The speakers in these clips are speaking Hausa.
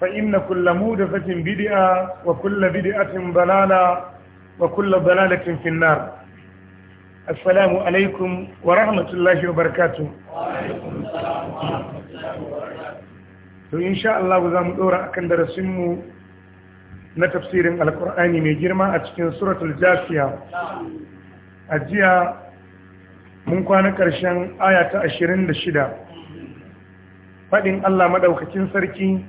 فإن كل مودفة بدعة وكل بدعة ضلالة وكل ضلالة في النار السلام عليكم ورحمة الله وبركاته وعليكم السلام ورحمة الله وبركاته to insha Allah za mu dora akan darasin mu na tafsirin alkur'ani mai girma a cikin suratul jafiya a jiya mun kwana ƙarshen aya ta shida. fadin Allah maɗaukacin sarki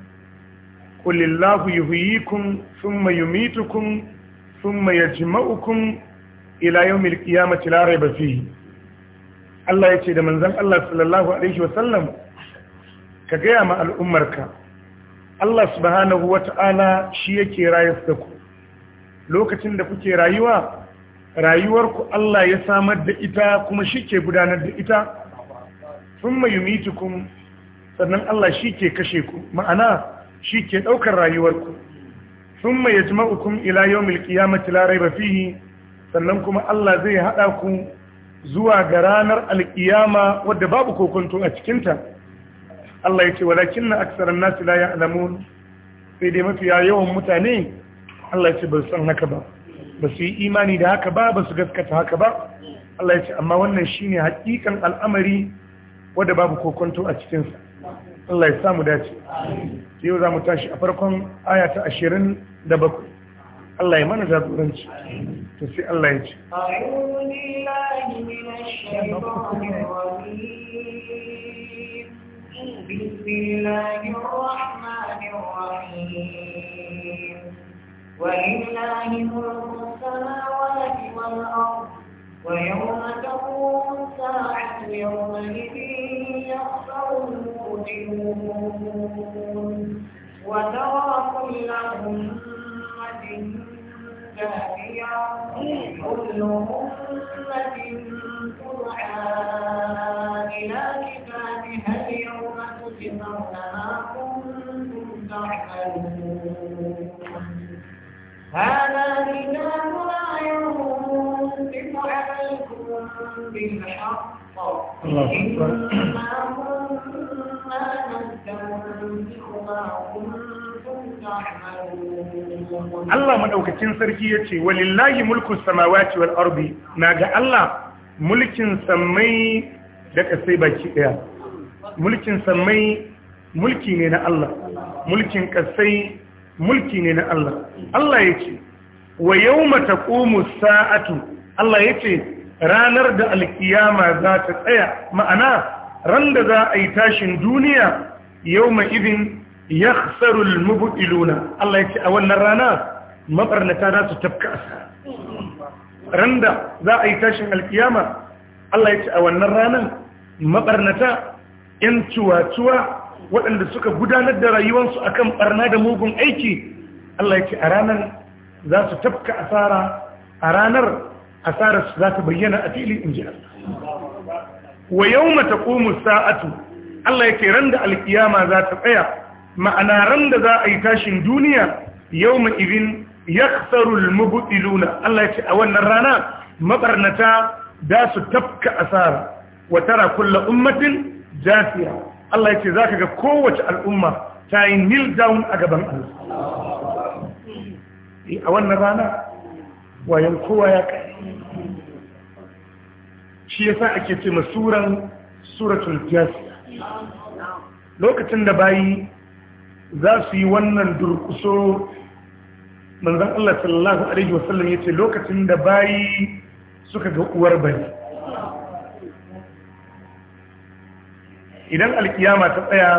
قل الله يحييكم ثم يميتكم ثم يجمعكم ila yawmil qiyamati la rayba fihi Allah yace da manzon Allah sallallahu alaihi sallam ka gaya ma al'ummarka Allah subhanahu ta'ala shi yake rayar da ku lokacin da kuke rayuwa rayuwarku Allah ya samar da ita kuma shi ke gudanar da ita thumma yumitukum sannan Allah shi ke kashe ku ma'ana shi ke ɗaukar rayuwarku sun mai yajma'ukum ila yawmil qiyamati la ba fihi sannan kuma Allah zai haɗa ku zuwa ga ranar alƙiyama wadda babu kokonto a cikinta Allah ya ce walakin na aksarar nasu layan Alamu alamun sai dai mafiya yawan mutane Allah ya ce ba san haka ba ba su yi imani da haka ba ba su gaskata haka ba Allah ya ce amma wannan shi ne haƙiƙan al'amari wadda babu kokonto a cikinsa Allah ya samu dace yau za mu tashi a farkon aya ta ashirin da bakwai Allah ya mana jagoranci to sai Allah ya ce ويوم تقوم ساعة يوم يومئذ يخسر يؤمنون وترى كل أمة جاهية كل أمة ترعى إلى كتابها اليوم تجزون ما كنتم تعملون هذا كتابنا ينطق عليكم بالحق إن Allah madaukakin sarki yace walillahi mulku samawati wal ardi na ga Allah mulkin samai da kasai baki ɗaya. mulkin samai mulki ne na Allah mulkin kasai mulki ne na Allah Allah yace wa yawma taqumu sa'atu Allah yace ranar da alkiyama za ta tsaya ma'ana ran da za a yi tashin duniya yawma idin ya sarul Allah ya ce a wannan rana mabarnata za su tafka asa randa za a yi tashin alkiyama Allah ya ce a wannan ranar mabarnata ‘yan cuwa-cuwa waɗanda suka gudanar da rayuwarsu a kan ɓarna da mugun aiki Allah ya ce a ranar za su tafka asara a ranar asarar za ta bayyana a fili in ji wa yau mata sa'atu Allah ya ce ran da alkiyama za ta tsaya ma'ana ran da za a yi tashin duniya yau ma'irin yakhsarul mubtiluna Allah ya ce a wannan rana mabarnata da su tafka asara wa tara kullu ummatin jafiya Allah ya ce zaka ga kowace al'umma ta yi kneel down a gaban Allah eh, a wannan rana wayan kowa ya kai shi yasa ake ce masuran suratul jafiya lokacin da bayi za su yi wannan durkuso manzon Allah sallallahu alaihi wasallam ce lokacin da bayi suka ga uwar bari idan alkiyama ta tsaya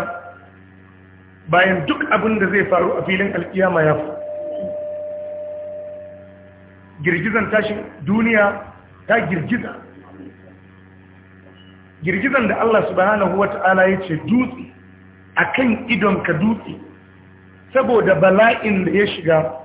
bayan duk abin da zai faru a filin alkiyama ya fi. girgizan tashin duniya ta girgiza girgizan da Allah subhanahu wata'ala ya ce dutse a kan idon ka dutse saboda bala'in da ya shiga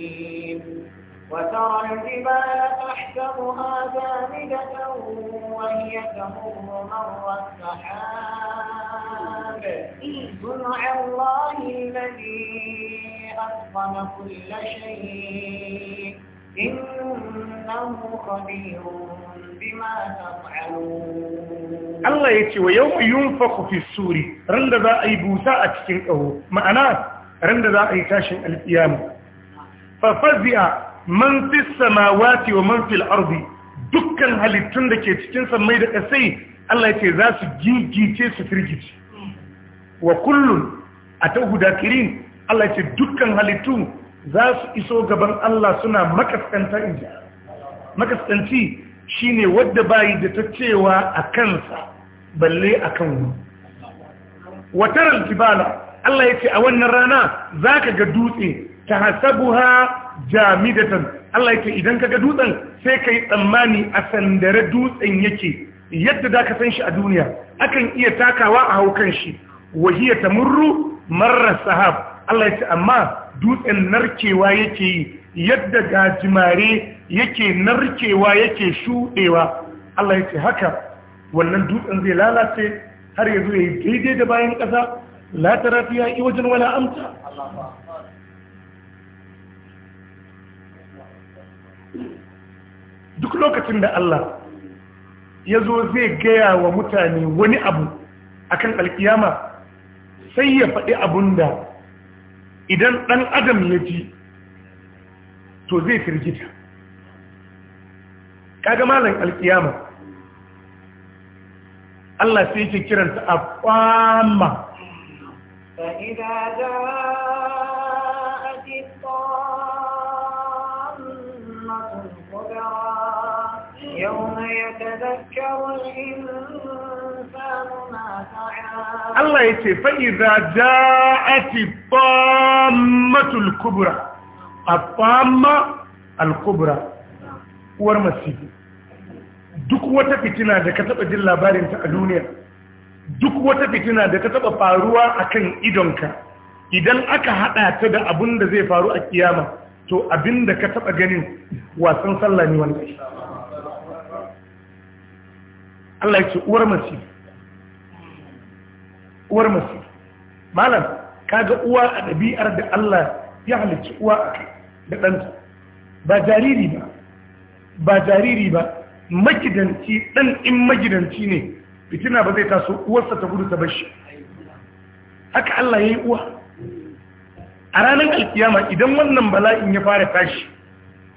وترى الجبال تحسبها جامدة وهي تمر مر السحاب صنع الله الذي أتقن كل شيء إنه خبير بما تفعلون Allah ya ce wa yau mai yun fi suri ran da za a yi busa a cikin ƙaho ma'ana ran da za a yi tashin alƙiyama fafazi'a man fi samawati wa man fil ardi dukkan halittun da ke cikin samai da kasai Allah ya ce za su gigice su firgice wa kullun atahu dakirin Allah ya ce dukkan halittu za su iso gaban Allah suna makaskanta inji makaskanci shine wadda bayi da ta cewa a kansa balle akan wani watar kibala, Allah ya ce a wannan rana zaka ga dutse Ta tahasabuha jamidatan Allah yake idan kaga dutsen sai kai tsammani a sandare dutsen yake yadda da ka san shi a duniya akan iya takawa a haukan shi wahiya tamurru marra sahab Allah yake amma dutsen narkewa yake yi yadda gajimare yake narkewa yake shudewa Allah yake haka wannan dutsen zai lalace har yanzu yayi daidai da bayan kasa la tarafiya i wajen wala amta duk lokacin da Allah ya zo zai gaya wa mutane wani abu akan alkiyama sai ya faɗi abun da idan ɗan adam ya ji to zai firgita kaga malan alkiyama Allah sai yake kiranta a kwama Allah ya ce سعى الله يتي فإذا جاءت a الكبرى الطامة uwar ورمسيه duk wata fitina da ka taba jin labarinta a duniya duk wata fitina da ka taɓa faruwa a kan idonka idan aka haɗa ta da abun da zai faru a kiyama to abin da ka taba ganin wasan sallah ne wannan Allah ya ce uwar masi uwar masi malam kaga uwa a ɗabi'ar da Allah ya halicci uwa a kai da ɗanta ba jariri ba ba jariri ba magidanci ɗan in magidanci ne fitina ba zai taso uwarsa ta gudu ta bashi haka Allah ya yi uwa a ranar alkiyama idan wannan bala'in ya fara tashi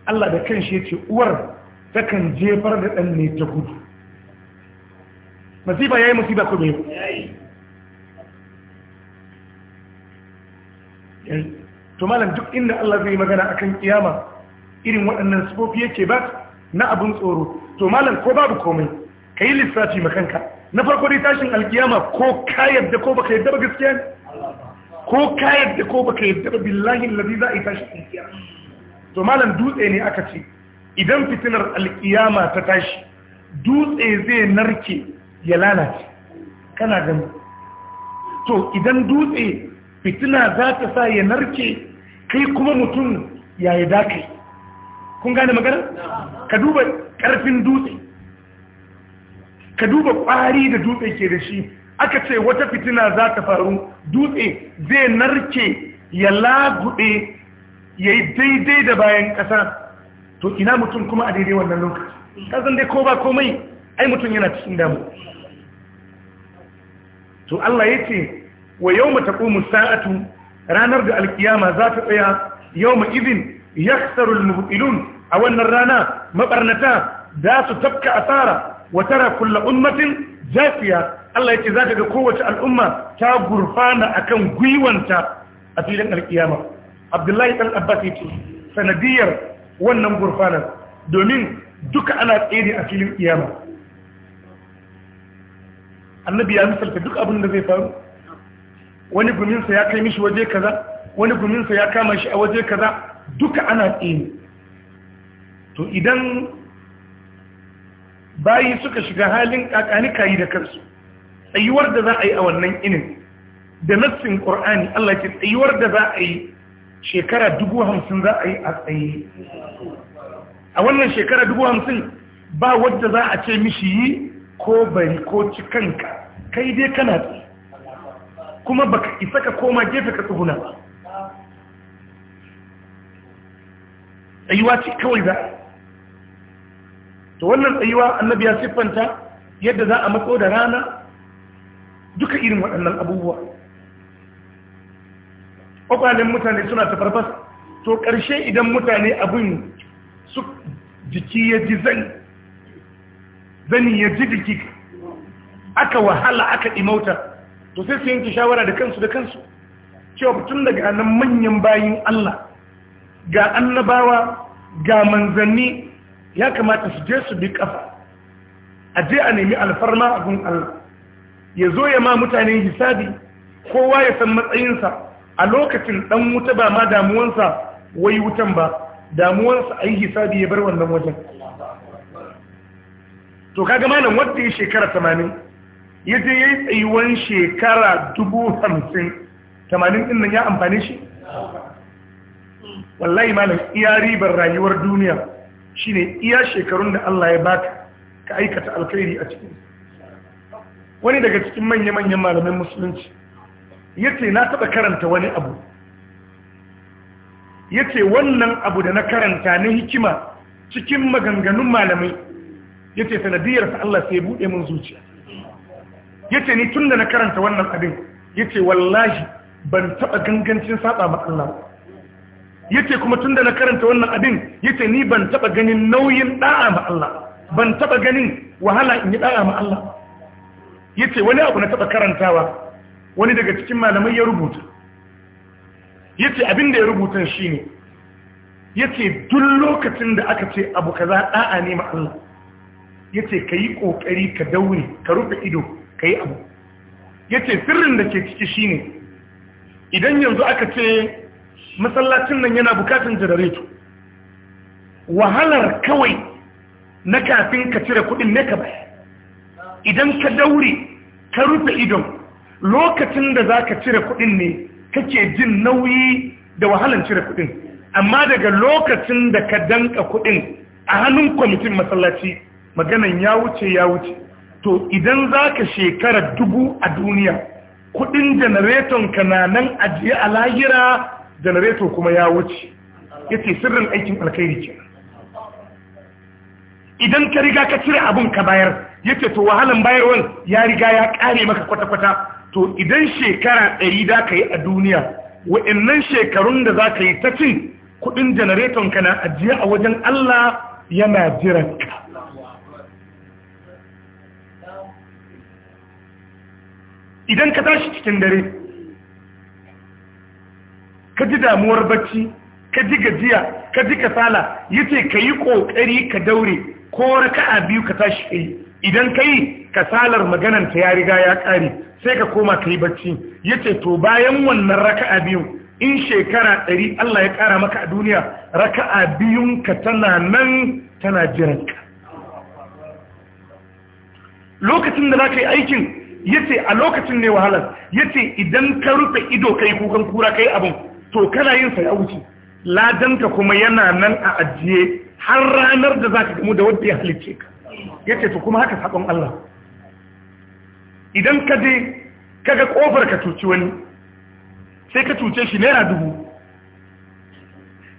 Allah da kan shi ya ce uwar takan jefar da ɗan ne ta gudu masifa yi musiba ko ne to malam duk inda Allah zai magana akan kiyama irin waɗannan sifofi yake ba na abin tsoro to malam ko babu komai kai lissafi makanka na farko dai tashin alkiyama ko ka yadda ko baka yadda ba gaskiya ne ko ka yadda ko baka yadda ba billahi allazi za a yi tashin alkiyama to malam dutse ne aka ce idan fitinar alkiyama ta tashi dutse zai narke ya lalace kana gani to idan dutse fitina za ta sa ya narke kai kuma mutum ya yi dakai kun gane magana ka duba ƙarfin dutse ka duba ƙwari da dutse ke da shi aka ce wata fitina za ta faru dutse zai narke ya lagude ya yi daidai da bayan ƙasa to ina mutum kuma a daidai wannan lokaci ƙasan dai ko ba komai ai mutum yana cikin damu to Allah ya ce wa yau mata ƙomu sa'atu ranar da alkiyama za ta tsaya yau ma izin ya tsarul a wannan rana maɓarnata za su tafka asara wa tara kulla ummatin jafiya Allah ya ce za ta ga kowace al'umma ta gurfana akan gwiwanta a filin alkiyama abdullahi ɗan abbas ya ce sanadiyar wannan gurfanar domin duka ana tsere a filin kiyama annabi ya misalta duk abin da zai faru wani guminsa ya kai mishi waje kaza wani guminsa ya kama shi a waje kaza duka ana tsini to idan bayi suka shiga halin kakanika yi da kansu tsayuwar da za a yi a wannan inin da nassin ƙor'ani Allah ce tsayuwar da za a yi shekara dubu hamsin za a yi a tsaye a wannan shekara dubu hamsin ba wadda za a ce mishi yi ko bari ko ci kanka kai dai kana tsaye kuma baka isa ka koma gefe ka tsuguna ba tsayuwa ce kawai za to wannan tsayuwa annabi ya siffanta yadda za a matso da rana duka irin waɗannan abubuwa ƙwaƙwalin mutane suna ta farfasa to ƙarshe idan mutane abin su jiki ya ji zai zani ya ji jiki aka wahala aka imauta to sai su yanke shawara da kansu da kansu cewa tun daga nan manyan bayin Allah ga annabawa ga manzanni ya kamata su je su bi kafa a je a nemi alfarma a gun Allah ya zo ya ma mutane hisabi kowa ya san matsayinsa a lokacin dan wuta ba ma damuwansa wai wutan ba damuwansa a yi hisabi ya bar wannan wajen to kaga malam wanda ya shekara tamanin ya je ya yi tsayuwan shekara dubu hamsin tamanin nan ya amfani shi wallahi malam iya ribar rayuwar duniya shine iya shekarun da Allah ya baka ka aikata alkhairi a cikin wani daga cikin manya-manyan malamin musulunci yace na taba karanta wani abu yace wannan abu da na karanta na hikima cikin maganganun malamai yace sanadiyar sa Allah sai bude min zuciya yace ni tunda na karanta wannan abin yace wallahi ban taba gangancin saba ma Allah yace kuma tunda na karanta wannan abin yace ni ban taba ganin nauyin da'a ma Allah ban taba ganin wahala in yi da'a ma Allah yace wani abu na taba karantawa wani daga cikin malamai ya rubuta yace abin da ya rubuta shine yace duk lokacin da aka ce abu kaza da'a ne ma Allah yace ka yi ƙoƙari ka daure ka rufe ido ka yi abu yace sirrin da ke ciki ne idan yanzu aka ce masallacin nan yana bukatun jirareto wahalar kawai na kafin ka cire kuɗin ne ka baya idan ka daure ka rufe idon lokacin da za ka cire kuɗin ne kake jin nauyi da wahalar cire kuɗin amma daga lokacin da ka danka kuɗin a hannun kwamitin masallaci maganan ya wuce ya wuce to idan za ka shekara dubu a duniya kudin janareton na nan ajiye a lahira janareto kuma ya wuce ya ce sirrin aikin alkhairi ke idan ka riga ka cire abin ka bayar ya ce to wahalan bayarwan ya riga ya kare maka kwata-kwata to idan shekara ɗari da ka yi a duniya wa'annan shekarun da za ka yi ta cin kudin janareton ka na ajiye a wajen Allah yana jiranka idan ka tashi cikin dare ka ji damuwar bacci ka ji gajiya ka ji kasala yace ka yi ƙoƙari ka daure ko raka'a biyu ka tashi ka idan ka yi kasalar maganan ta ya riga ya ƙare sai ka koma ka yi bacci yace to bayan wannan raka'a biyu in shekara ɗari Allah ya ƙara maka a duniya raka'a biyunka tana nan tana jiranka lokacin da za ka yi aikin yace a lokacin ne wahalar yace idan ka rufe ido kai kukan kura kai abin to kana yin sa ya wuce ladanka kuma yana nan a ajiye har ranar da zaka gamu da wanda ya halicce ka yace to kuma haka sakon Allah idan ka je kaga kofar ka tuci wani sai ka tuce shi naira dubu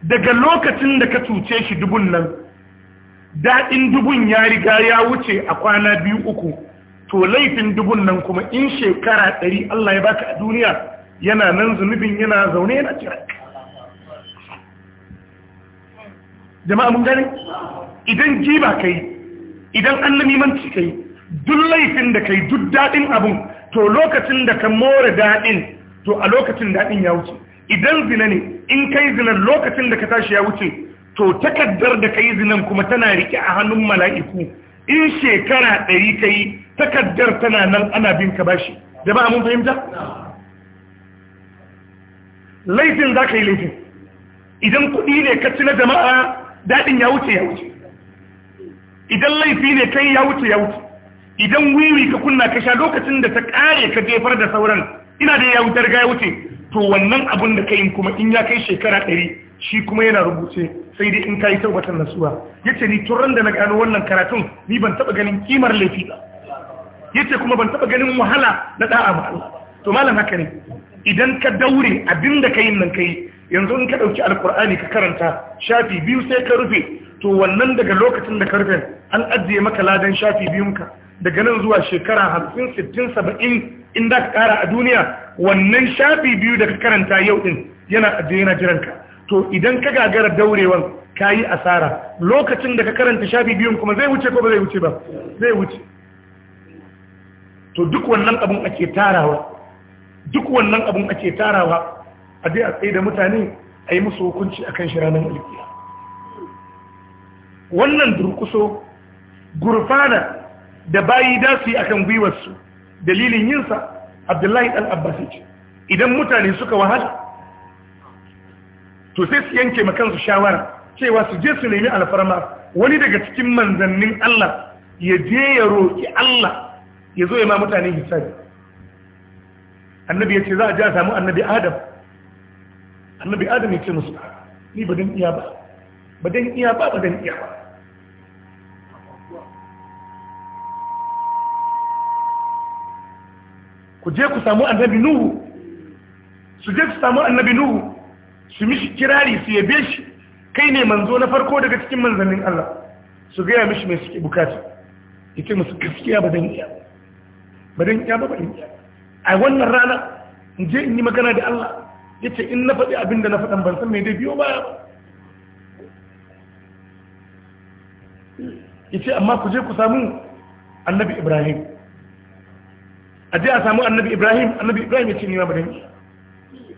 daga lokacin da ka tuce shi dubun nan daɗin dubun ya riga ya wuce a kwana biyu uku to laifin dubun nan kuma in shekara ɗari Allah ya baka a duniya yana nan zunubin yana zaune yana jira jama'a mun gani idan jiba kai idan an limanci kai duk laifin da kai duk daɗin abin to lokacin da ka more daɗin to a lokacin daɗin ya wuce idan zina ne in kai zinar lokacin da ka tashi ya wuce to takaddar da kai zinan kuma tana riƙe a hannun mala'iku in shekara ɗari ka yi. takaddar tana nan ana bin ka bashi da ba mun fahimta laifin za ka yi laifin idan kuɗi ne ka ci na jama'a daɗin ya wuce ya wuce idan laifi ne kai ya wuce ya wuce idan wiwi ka kunna ka sha lokacin da ta ƙare ka jefar da sauran ina da ya wutar ga ya wuce to wannan abun da kai kuma in ya kai shekara ɗari shi kuma yana rubuce sai dai in ka yi taubatan nasuwa ya ce ni tun da na gano wannan karatun ni ban taɓa ganin kimar laifi ba yace kuma ban taba ganin wahala na da'a ba Allah to malam haka ne idan ka daure abinda kai nan kai yanzu in ka dauki alqur'ani ka karanta shafi biyu sai ka rufe to wannan daga lokacin da ka rufe an ajiye maka ladan shafi biyunka daga nan zuwa shekara 50 60 70 in da ka kara a duniya wannan shafi biyu da ka karanta yau din yana ajiye yana jiranka to idan ka gagara daurewan kayi asara lokacin da ka karanta shafi biyun kuma zai wuce ko ba zai wuce ba zai wuce to duk wannan abun ake tarawa duk wannan abun ake tarawa a dai a tsaye da mutane a yi musu hukunci a kan shiranin alkiya wannan durkuso gurfana da bayi dasu yi a kan gwiwarsu dalilin yinsa abdullahi al'abbasi ce idan mutane suka wahala to sai su yanke ma kansu shawara cewa su je su nemi alfarma wani daga cikin manzannin Allah ya je ya roƙi Allah ya zo ya ma mutane hisabi annabi ya ce za a ja samu annabi adam annabi adam ya ce musu ni ba dan iya ba ba dan iya ba ba dan iya ba ku je ku samu annabi nuhu su je ku samu annabi nuhu su mishi kirari su yabe shi kai ne manzo na farko daga cikin manzannin Allah su gaya mishi mai suke bukata yake musu gaskiya ba dan iya ba ba ya ba in a wannan rana in je in yi magana da Allah yace in na faɗi abin da na faɗan ban san me dai biyo baya ba yace amma ku je ku samu annabi Ibrahim a je a samu annabi Ibrahim annabi Ibrahim yace ni ma ba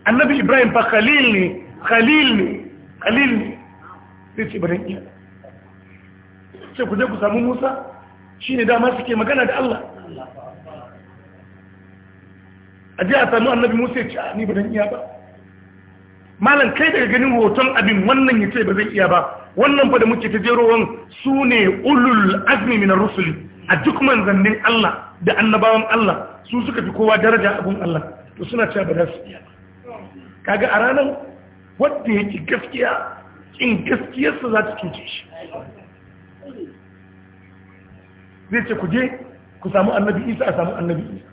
annabi Ibrahim fa khalil ne khalil ne khalil ne sai ce ba dan iya ce ku je ku samu Musa shine dama suke magana da Allah a ji a samu annabi musa ya ce ni ba iya ba malam kai daga ganin hoton abin wannan ya ce ba zai iya ba wannan fa da muke ta jerowan su ne ulul azmi min rusuli a duk manzannin Allah da annabawan Allah su suka fi kowa daraja abun Allah to suna cewa ba za su iya ba kaga a ranar wanda yake gaskiya in gaskiyarsa za ta cuce shi zai ce ku je ku samu annabi isa a samu annabi isa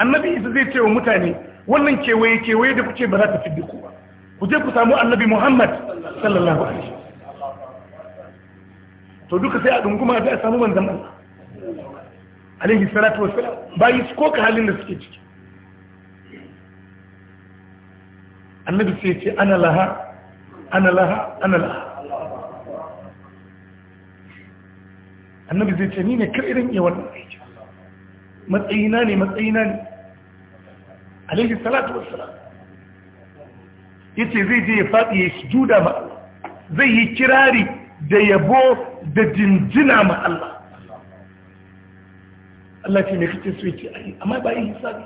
annabi isa zai cewa mutane wannan kewaye kewaye da kuce ba za ta fi ku ba ku je ku samu annabi muhammad sallallahu alaihi to duka sai a dunguma da a samu manzan Allah alaihi salatu ba yi su ka halin da suke ciki annabi sai ce ana laha ana laha ana laha annabi zai ce ni ne kar irin iya wannan aiki matsayina ne matsayina ne alaihi salatu wassalam yace zai je ya fadi ya sujuda ma Allah zai yi kirari da yabo da jinjina ma Allah Allah ce me kace so yace ai amma ba yi hisabi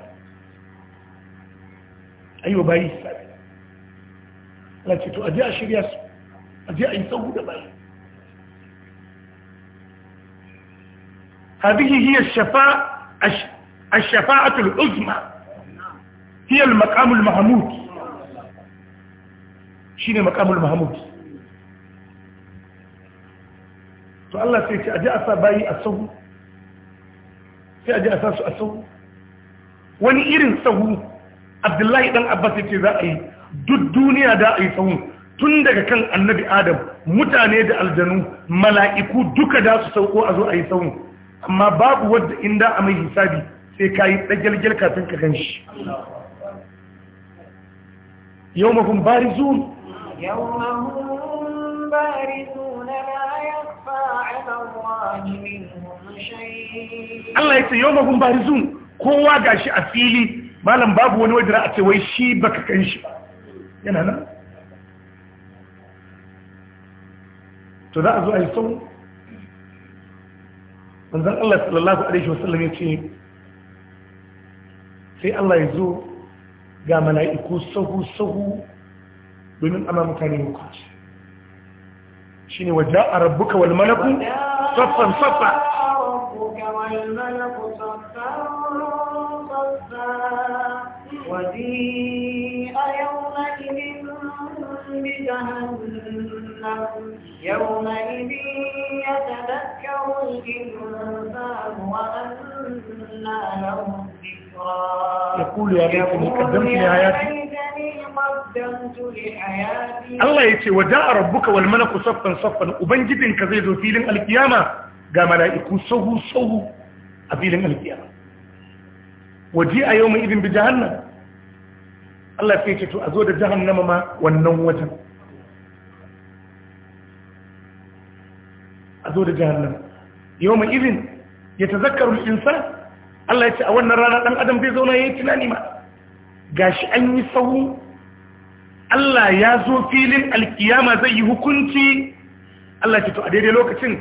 ayo ba yi hisabi Allah ce to aje a shirya su aje a yi sahu da bayi هذه هي الشفاعة الشفاعة العظمى hiyal maqamul mahmud shine maqamul mahmud to Allah sai ce aje asa bayi a sahu sai aje asa su a sahu wani irin sahu Abdullahi dan Abbas yace za a yi duk duniya da a yi sahu tun daga kan annabi Adam mutane da aljanu mala'iku duka da su sauko a zo a yi sahu amma babu wanda inda a mai hisabi sai ka yi kafin ka gan shi يومهم بارزون يومهم بارزون لا يخفى على الله منهم شيء الله يسي يومهم gashi a fili malam babu wani wajen a ce wai shi baka kan shi yana nan to za a zo a yi sau manzan Allah sallallahu Alaihi wasallam ya ce sai Allah ya zo ga mala'iku sahu-sahu domin ana mutane hukunci shi ne waje a rabbuka wal malaku saffan saffa وَجِيءَ يَوْمَئِذٍ بِجَهَنَّمَ يَوْمَئِذٍ يَتَذَكَّرُ الْإِنسَانُ وَأَنَّى لَهُ يقول يا ليتني قدمت لحياتي Allah ya ce wa da'a rabbuka wal malaku saffan saffan ubangijinka zai zo filin alkiyama ga mala'iku sahu sahu a filin alkiyama waje a yau mai idin bi jahannam Allah sai ce to a zo da jahannama ma wannan a zo da jahannama yau mai ya Allah ya ce a wannan rana ɗan adam zai zauna ya yi tunani ma ga shi an yi sahu Allah ya zo filin alkiyama zai yi hukunci Allah ce to a daidai lokacin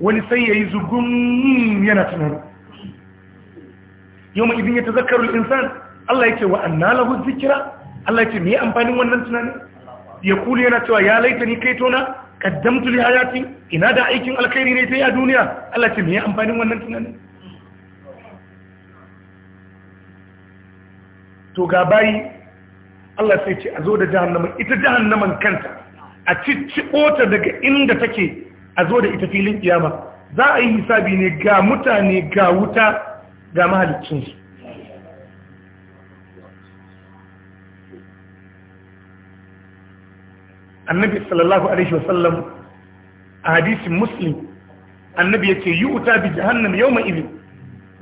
wani sai ya yi zugun yana tunani yau mai idin ya ta insan Allah ya ce wa lahu zikira Allah ya ce mai amfanin wannan tunani ya kuli yana cewa ya laita ni kai tona kaddamtu hayati ina da aikin alkhairi ne ta yi a duniya Allah ya ce mai amfanin wannan tunani to ga bayi Allah sai ce a zo da jahannaman ita jahannaman kanta a cici ota daga inda take a zo da ita filin kiyama za a yi hisabi ne ga mutane ga wuta ga mahalicinsu annabi sallallahu alaihi wasallam a hadisin muslim annabi ya ce yi wuta bi jahannam yau ma'izin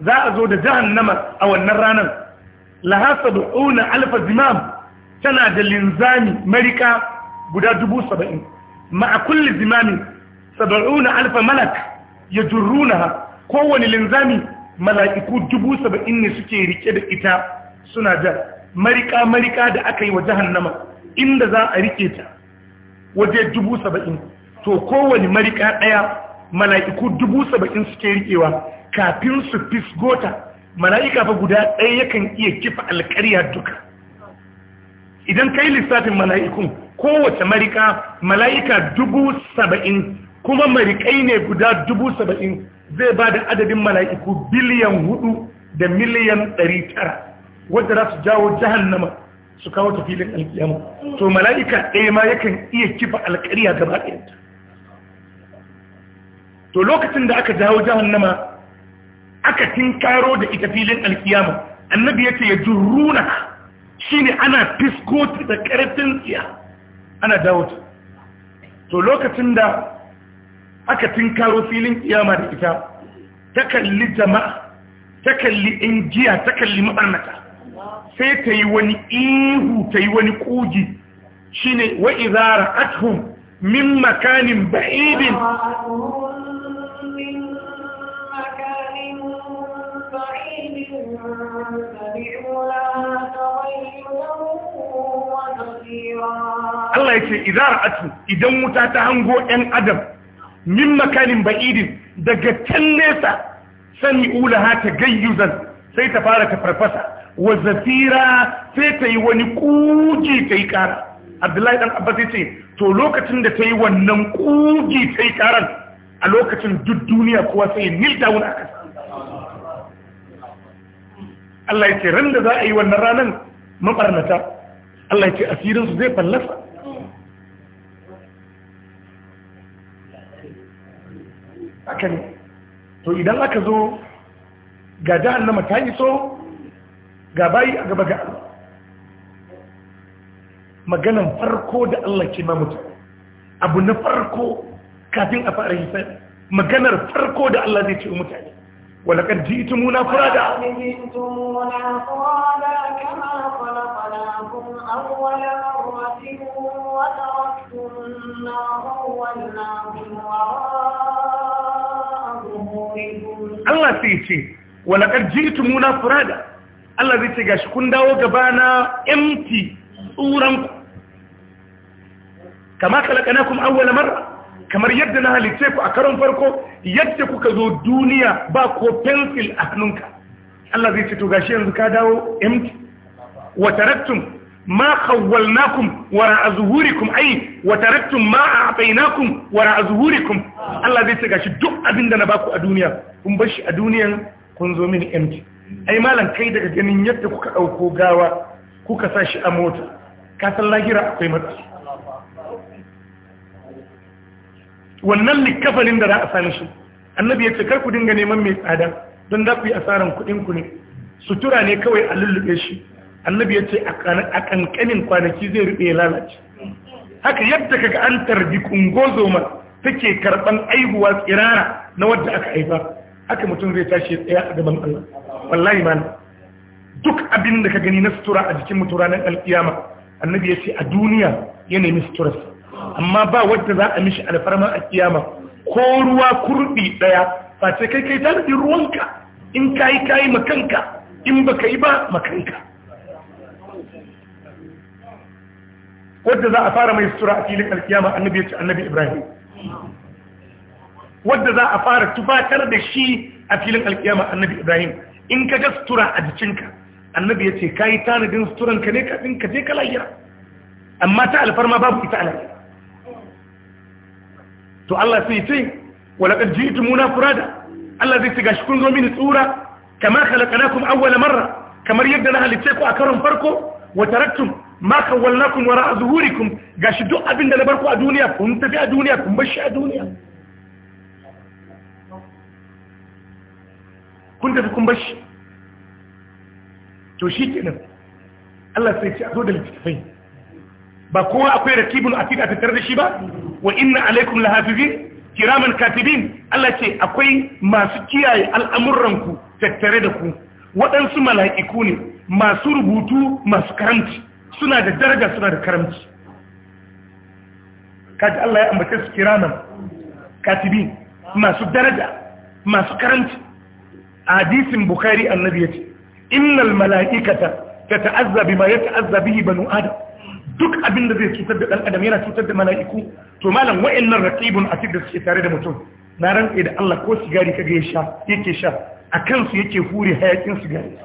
za a zo da jahannama a wannan ranar laha una alfa zimam tana da linzami marika guda dubu saba'in ma'a kulli zimami saba'una alfa malak ya ha kowane linzami mala'iku dubu saba'in ne suke rike da ita suna da marika marika da aka yi wa jahannama inda za a rike ta waje dubu saba'in to kowane marika ɗaya mala'iku dubu saba'in suke rikewa kafin su fisgota mala'ika fa guda ɗaya yakan iya kifa alƙarya duka idan kai lissafin mala'ikun kowace marika mala'ika dubu saba'in kuma marikai ne guda dubu saba'in zai ba da adadin mala'iku biliyan hudu da miliyan ɗari tara wadda za su jawo jahannama su kawo ta filin alkiyama to mala'ika ɗaya ma yakan iya kifa alƙarya gaba ɗayanta to lokacin da aka jawo jahannama aka tinkaro da ita filin alkiyama annabi ya ce ya jurruna shine ana fiskoti da karfin tsiya ana dawo ta to lokacin da aka tinkaro filin kiyama da ita ta kalli jama'a ta kalli injiya ta kalli mabarnata sai ta yi wani ihu ta yi wani ƙugi. shine wa izara athum min makanin ba'idin Allah ya ce ra’atu idan wuta ta hango ɗan adam min makanin ba'idin daga can nesa sani ulaha ta gayyuzan sai ta fara ta farfasa wa zafira sai ta yi wani ƙugi ta yi ƙara. abdullahi Abba abbas ce to lokacin da ta yi wannan ƙugi ta yi ƙaran, a lokacin duk duniya kuwa sai nil down a kasa Allah ya ce ran da za a yi wannan ranar mabarnata Allah ya ce asirin su zai fallasa aka ne to idan aka zo ga jahannama ta iso ga bayi a gaba ga Allah maganan farko da Allah ke mamuta abu na farko kafin a fara yi maganar farko da Allah zai ce mutane ولقد fura da لكم أول مرة وتركتم ما خولناهم وراء ظهوركم الله سيتي ولقد جئتمونا فرادى الله ذي تيغاش كون داو غبانا امتي صورانكم كما خلقناكم اول مره كما يدنا لتيكو اكرم فرقو يدك كوكا زو دنيا با كو بنسل اهنكم الله ذي تيغاش ينزو كا داو امتي وتركتم ma khawwalnakum wara azhurikum ai wa taraktum ma a'tainakum wara azhurikum Allah zai ce gashi duk abinda na baku a duniya kun bar shi a duniyan kun zo mini ai malam kai daga ganin yadda kuka dauko gawa kuka sa shi a mota ka san lahira akwai matsala wannan likafanin da za a sani shi annabi ya ce kar ku dinga neman mai tsada don za ku yi asaran kuɗin ku ne sutura ne kawai a lullube shi annabi ya ce a kankanin kwanaki zai rube lalace haka yadda ka kaga an tarbi ta take karɓan aihuwa tsirara na wadda aka haifa haka mutum zai tashi tsaya a gaban Allah wallahi ma duk abin da ka gani na sutura a jikin mutum ranar alkiyama annabi ya ce a duniya ya nemi sutura amma ba wadda za a mishi alfarma a kiyama ko ruwa kurbi daya face kai kai ta ruwanka in kayi kayi kanka in baka yi ba makanka wadda za a fara mai sutura a filin alkiyama annabi ya annabi ibrahim wadda za a fara tufatar da shi a filin alkiyama annabi ibrahim in ka ga sutura a jikinka annabi ya ce ka yi tanadin suturanka ne kafin ka je ka lahira amma ta alfarma babu ita alaƙi to Allah sai ce walaƙar ji ita muna furada Allah zai ce gashi kun zo mini tsura kamar halakana kuma awwala marra kamar yadda na halice ku a karon farko wata rattun ma kawwalnakum wara Ga shi duk abin da na barku a duniya kun tafi a duniya kun bar shi a duniya kun tafi kun bar shi to shi kenan Allah sai ce a zo da littattafai. ba kowa akwai rakibun atik a tattare da shi ba wa inna alaikum lahafizin kiraman katibin Allah ce akwai masu kiyaye al'amuranku tattare da ku waɗansu mala'iku ne masu rubutu masu karanci suna da daraja suna da karamci kaji Allah ya ambace su kiraman katibi masu daraja masu karamci a hadisin bukari annabi yace innal mala'ikata ta ta'azza bima ya bihi banu adam duk abinda zai cutar da dan adam yana cutar da mala'iku to malam wa'annan raqibun atid da suke tare da mutum na rantsa da Allah ko sigari kaga ya sha yake sha a kansu yake hure hayakin sigari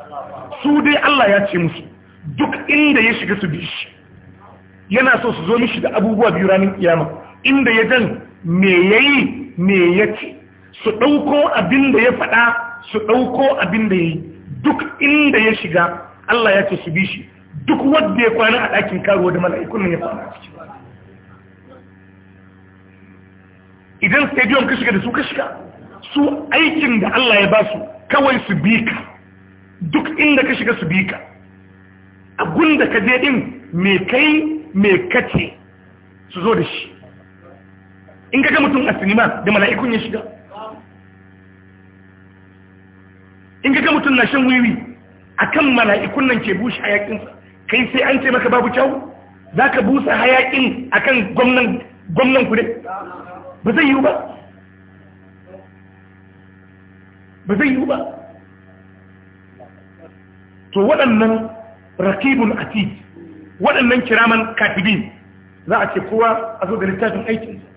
su dai Allah ya ce musu duk inda ya shiga su bi shi yana so su zo mishi da abubuwa biyu ranar kiyama inda ya jan me ya yi? me ya ce? su ɗauko abin da ya faɗa su ɗauko abin da ya yi duk inda ya shiga Allah ya ce su bi shi duk wadda ya kwana a ɗakin karuwa da mala'ikun ya fara ciki idan stadium ka shiga da su ka shiga su aikin da Allah ya ba su kawai su bi ka duk inda ka shiga su bi ka abun da ka je din me kai me kace su zo da shi in ka ga mutum a sinima da mala'ikun ya shiga in ka ga mutum na shan wiwi akan mala'ikun nan ke bushe hayakinsa kai sai an ce maka babu kyau za ka busa hayakin akan gwamnan gwamnan ku ne ba zai yiwu ba ba zai yiwu ba to waɗannan raqibul atid waɗannan kiraman katibin za a ce kowa a zo da littafin aikinsa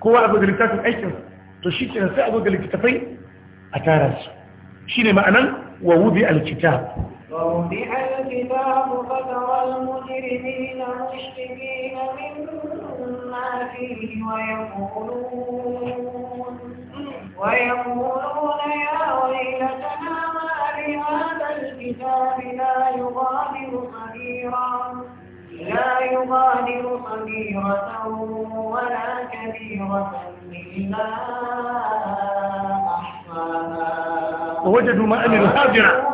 kowa a zo da littafin aikinsa to shi kenan sai a zo da littafai a tara su shi ne ma'anan wa wubi alkitab ويقولون الكتاب لا يغادر صغيرا لا يغادر صغيرة ولا كبيرة إلا ووجدوا ما أملوا حاضرا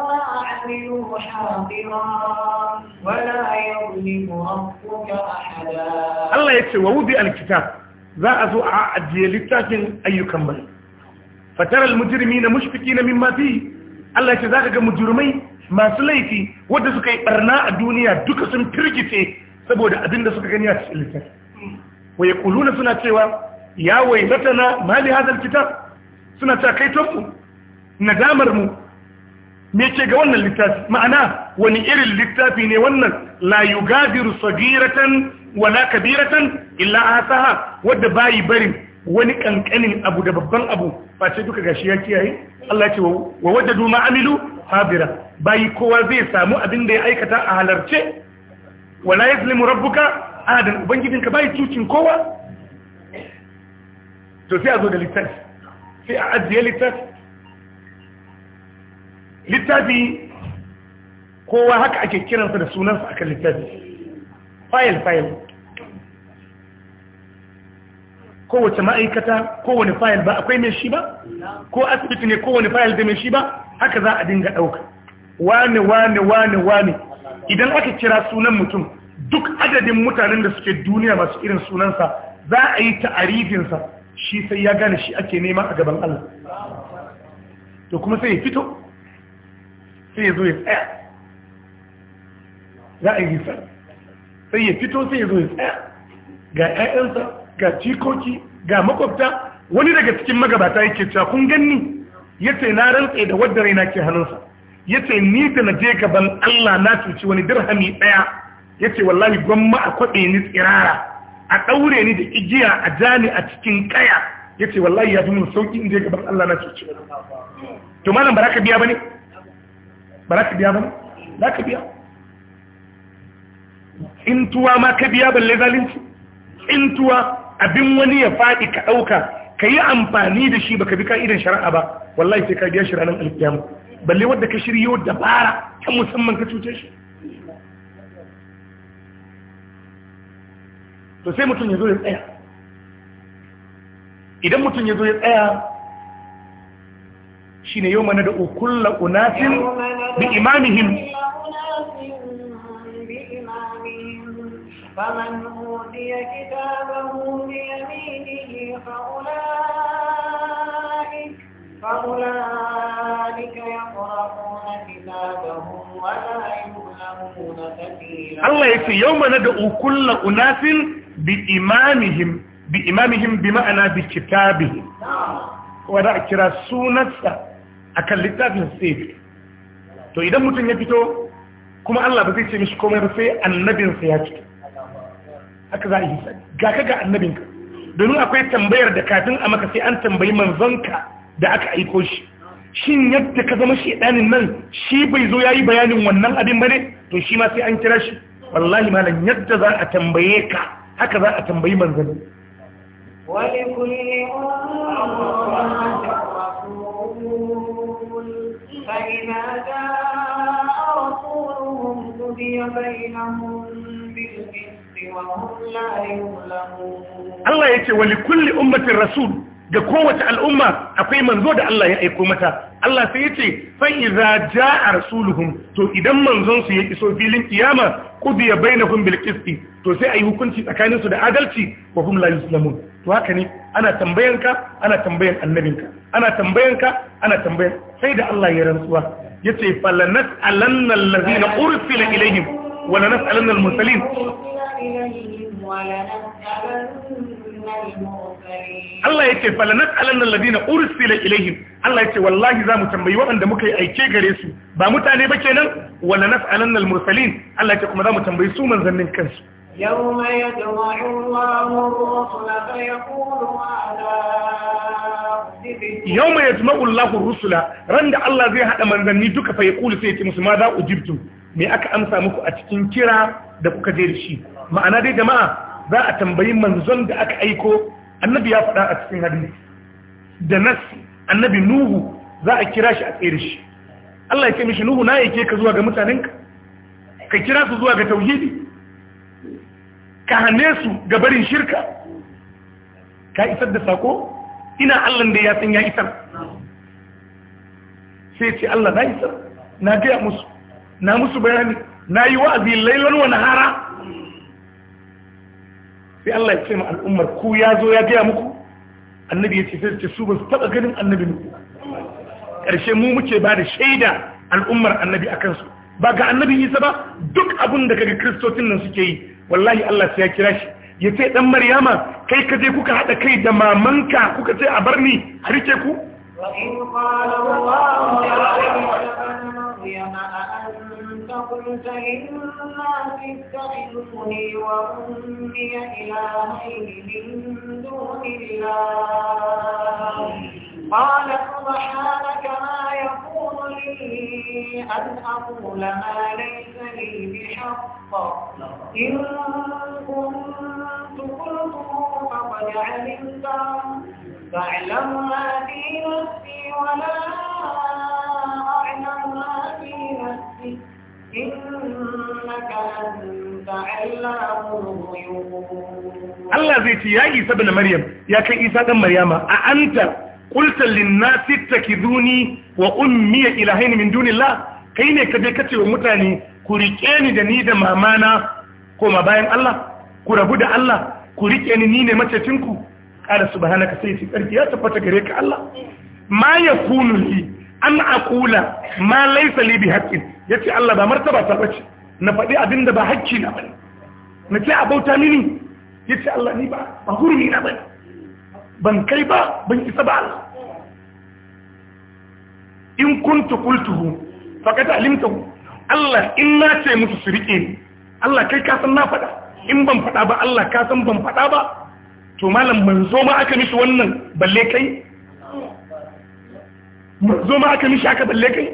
حاضرا ولا يظلم ربك أحدا الله يكسي ووضع الكتاب ذا أزوء عادية للتاكن أن يكمل فترى المجرمين مشفكين مما فيه الله ya ce مجرمين masu laifi wadda suka yi barna a duniya duka sun firgice saboda abinda suka gani a cikin littafi waye kuluna suna cewa ya satana mali hadal kitab suna ta kai tonmu nadamar mu me ke ga wannan littafi ma'ana wani irin littafi ne wannan la yugadiru sagiratan wala kabiratan illa asaha wadda bayi barin wani kankanin abu da babban abu ba ce duka gashi ya kiyaye Allah ce wa wajadu ma amilu habira bayi kowa zai samu abin da ya aikata a halarce wala yazlimu rabbuka ahadan ka bai cucin kowa to sai a zo da littafi sai a ajiye littafi littafi kowa haka ake kiransa da sunansa akan littafi file file kowace ma'aikata kowane fayil ba akwai mai shi ba ko asibiti ne kowane fayil da mai shi ba haka za a dinga ɗauka wane wane wane wane idan aka kira sunan mutum duk adadin mutanen da suke duniya masu irin sunansa za a yi ta'arifinsa shi sai ya gane shi ake nema a gaban Allah to kuma sai ya fito sai ya zo ya tsaya za a yi sai ya fito sai ya zo ya tsaya ga 'ya'yansa ga cikoki ga makwabta wani daga cikin magabata yake cewa kun ganni yace na rantsa da wadda raina ke hannunsa yace ni da na je gaban Allah na cuci wani dirhami daya yace wallahi gwamma a kwabe ni tsirara a daure ni da igiya a jani a cikin kaya yace wallahi ya fi mun sauki in je gaban Allah na cuci wani to malam baraka biya bane baraka biya bane ka biya in tuwa ma ka biya balle zalunci in tuwa abin wani ya faɗi ka ɗauka ka yi amfani da shi baka bi ka'idan shari'a ba wallahi sai ka biya shi ranar alkiyama balle wadda ka shiryo dabara ta musamman ka cuce shi to sai mutum ya zo ya tsaya idan mutum ya zo ya tsaya shi ne yau mana da ukulla unafin da imamihim فمن أوتي كتابه فأولئك فأولئك يقرؤون كتابهم ولا يظلمون كثيرا الله يفي يوم ندعو كل أناس بإمامهم بإمامهم بمعنى بكتابهم wadda kira sunansa a kan littafin sai to idan mutum ya fito kuma Allah ba zai ce mishi komai ba sai annabinsa ya fito haka za a yi ga ka ga annabinka domin akwai tambayar da kafin a maka sai an tambayi manzonka da aka aiko shi shin yadda ka zama shedanin nan shi bai zo ya yi bayanin wannan abin ne? to shi ma sai an kira shi wallahi malam yadda za a tambaye ka haka za a tambayi manzon فإذا جاء رسولهم قضي بينهم Allah ya ce wali kulli ummatin rasul ga kowace al'umma akwai manzo da Allah ya aiko mata Allah sai ya ce fa'iza ja a rasuluhun to idan manzonsu ya iso filin kiyama ƙudu ya bai na hun to sai ayi hukunci tsakaninsu da adalci wa hun layu to haka ne ana tambayanka ana tambayan annabinka ana tambayanka ana tambayan sai da Allah ya rantsuwa ya ce falanas alannan lazi na ƙurfi na ilayhim walanas alannan musalin إليهم ولنسألن المرسلين الله يتي فلنسألن الذين أرسل إليهم Allah ya ce wallahi za mu tambayi waɗanda muka yi aike gare su ba mutane ba kenan wala nas'alan al-mursalin Allah ya ce kuma za mu tambayi su manzannin kansu yawma yad'u Allahu ar-rusula fa yaqulu yawma yajma'u Allahu ar-rusula randa Allah zai hada manzanni duka fa yaqulu sai ya ce musu ma za ujibtu me aka amsa muku a cikin kira da kuka je da shi ma'ana dai jama'a za a tambayi manzon da aka aiko annabi ya faɗa a cikin hadisi da nas annabi nuhu za a kira shi a tsere shi Allah ya ce mishi nuhu na yake ka zuwa ga mutanenka ka kira su zuwa ga tauhidi ka hane su ga barin shirka ka isar da sako ina Allah da ya san ya isar sai ce Allah na isar na gaya musu na musu bayani na yi wa'azi lailan wa nahara sai Allah ya ce ma al'ummar ku ya zo ya gaya muku annabi ya ce sai ce su ba su taɓa ganin annabi ne ƙarshe mu muke ba da shaida al'ummar annabi a kansu ba ga annabi isa ba duk abin da kaga kristocin nan suke yi wallahi Allah sai ya kira shi ya ce dan maryama kai ka je kuka haɗa kai da mamanka kuka ce a bar ni a rike ku قلت للناس اتخذوني وأمي إلهين من دون الله قال سبحانك ما يقول لي أن أقول ما ليس لي بحق إن كنت قلته فقد علمت فاعلم ما في نفسي ولا أعلم ما في نفسي Allah zai ce ya isa bin Maryam ya kai isa ɗan Maryama a anta qulta lin-nasi takiduni wa Ummiya ilahaini min dunillah kai ne ka je kace wa mutane ku rike ni da ni da mamana koma bayan Allah ku rabu da Allah ku rike ni ni ne macecinku ƙada subhanaka sai ce ya tabbata gare ka Allah ma yakunu li an akula ma laisa li bi haqqin yace Allah ba martaba ta bace na faɗi abin da ba hakki na bane na ce abauta mini yace Allah ni ba ba hurumi na bane ban kai ba ban isa ba Allah in kuntu qultuhu faqad alimtu Allah in na ce musu su rike ni Allah kai ka san na faɗa in ban faɗa ba Allah ka san ban faɗa ba to malam manzo ma aka mishi wannan balle kai manzo ma aka mishi aka balle kai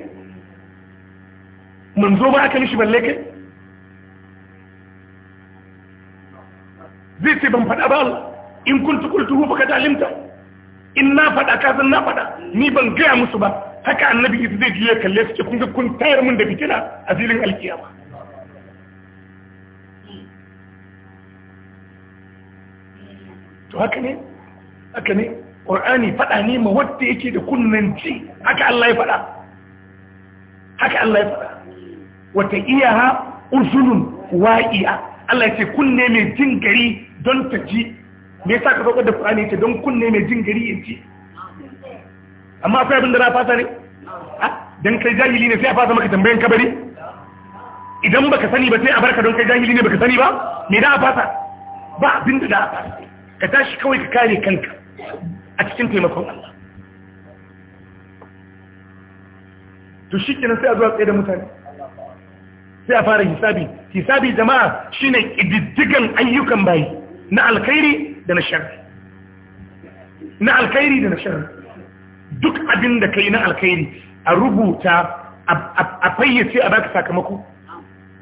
manzo ma aka mishi balle kai zai ce ban faɗa ba Allah in kuntu qultuhu ka alimta in na faɗa ka san na faɗa ni ban gaya musu ba haka annabi isa zai jiya kalle su ce kun ga kun tayar min da fitina a filin alkiyama to haka ne haka ne ƙur'ani faɗa ne ma wadda yake da kunnanci haka Allah ya faɗa haka Allah ya faɗa wata iya iyaha usulun wa'iya Allah ya ce kunne mai jin gari don ta ji me sa ka saukar da ƙur'ani ce don kunne mai jin gari ya ji amma akwai abin da na fata ne don kai jahili ne sai a fata maka tambayan kabari idan baka sani ba sai a barka don kai jahili ne baka sani ba mai da a fata ba abin da da a fata ka tashi kawai ka kare kanka a cikin taimakon Allah to shi kenan sai a zuwa tsaye da mutane sai a fara hisabi hisabi jama'a shine ƙididdigan ayyukan bayi na alkhairi da na sharri na alkhairi da na duk abin da na alkhairi a rubuta a fayyace a baka sakamako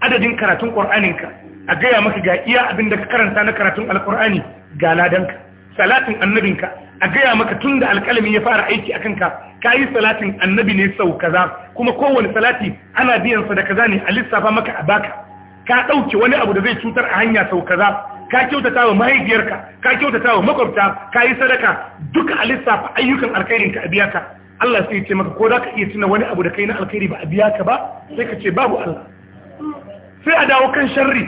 adadin karatun ƙwar'aninka a gaya maka ga iya abin da ka karanta na karatun Alƙur'ani ga ladanka salatin annabinka a gaya maka tun da alƙalami ya fara aiki a kanka ka yi salatin annabi ne sau kaza kuma kowane salati ana biyansa da kaza ne a lissafa maka a baka ka ɗauke wani abu da zai cutar a hanya sau kaza ka kyautata wa mahaifiyarka ka kyautata wa makwabta ka yi sadaka duka a lissafa ayyukan alkhairin ka a biya ka Allah sai ya ce maka ko za ka iya tuna wani abu da kai na alkhairi ba a biya ka ba sai ka ce babu Allah sai a dawo kan sharri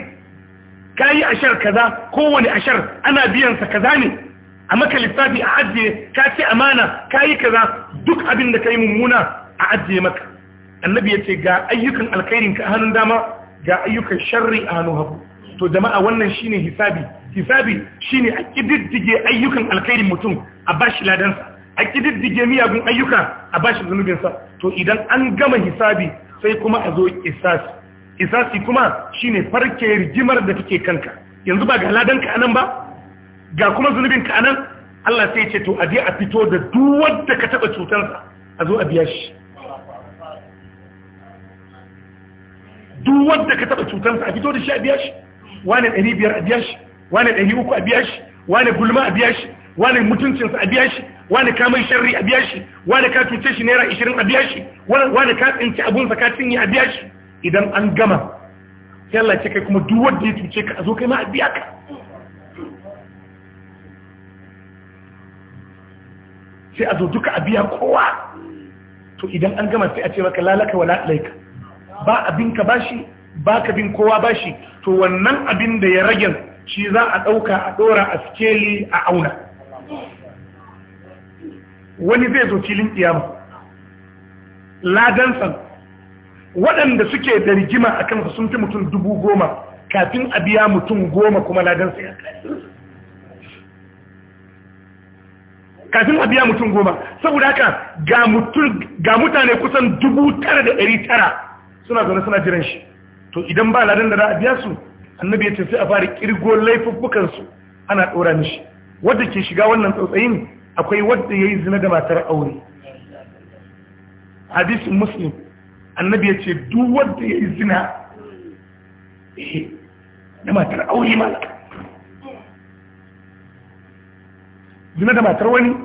ka yi ashar kaza kowane ashar ana biyansa kaza ne a maka lissafi a ajiye ka ce amana ka yi kaza duk abin da ka yi mummuna a ajiye maka annabi ya ce ga ayyukan alkhairin ka a hannun dama ga ayyukan sharri a hannun hagu to jama'a wannan shine hisabi hisabi shine a kididdige ayyukan alkhairin mutum a bashi ladansa a kididdige miyagun ayyuka a bashi zunubinsa to idan an gama hisabi sai kuma a zo isasi isasi kuma shine farke rigimar da take kanka yanzu ba ga ladanka anan ba ga kuma zunubin ka nan? Allah sai ce to a je a fito da duk wanda ka taba cutarsa a zo a biya shi duk wanda ka taba cutarsa a fito da shi a biya shi wani biyar a biya shi wani uku a biya shi wani gulma a biya shi wani mutuncinsa a biya shi wani kamar sharri a biya shi wani ka cuce shi naira ishirin a biya shi wani ka tsinci abun sa ka cinye a biya shi idan an gama sai Allah ce kai kuma duk wanda ya cuce ka a zo kai ma a biya ka sai a zo duka a biya kowa to idan an gama sai a ce maka lalaka wala laika ba abinka bashi ba ka bin kowa bashi to wannan abin da ya ragen, shi za a ɗauka a ɗora a skeli a auna wani zai zo filin ƙiyama ladansan waɗanda suke da rigima a kansa sun fi mutum dubu goma kafin a biya mutum goma kuma ladansa ya kai kafin a biya mutum goma saboda haka ga mutane kusan dubu tara da dari tara suna zaune suna jiran shi to idan ba ladan da za a biya su annabi ya ce sai a fara kirgo laifuffukansu ana ɗora mishi wadda ke shiga wannan tsautsayin akwai wadda ya yi zina da matar aure hadisin muslim annabi ya ce duk wadda ya yi zina eh, da matar aure malaka zina da matar wani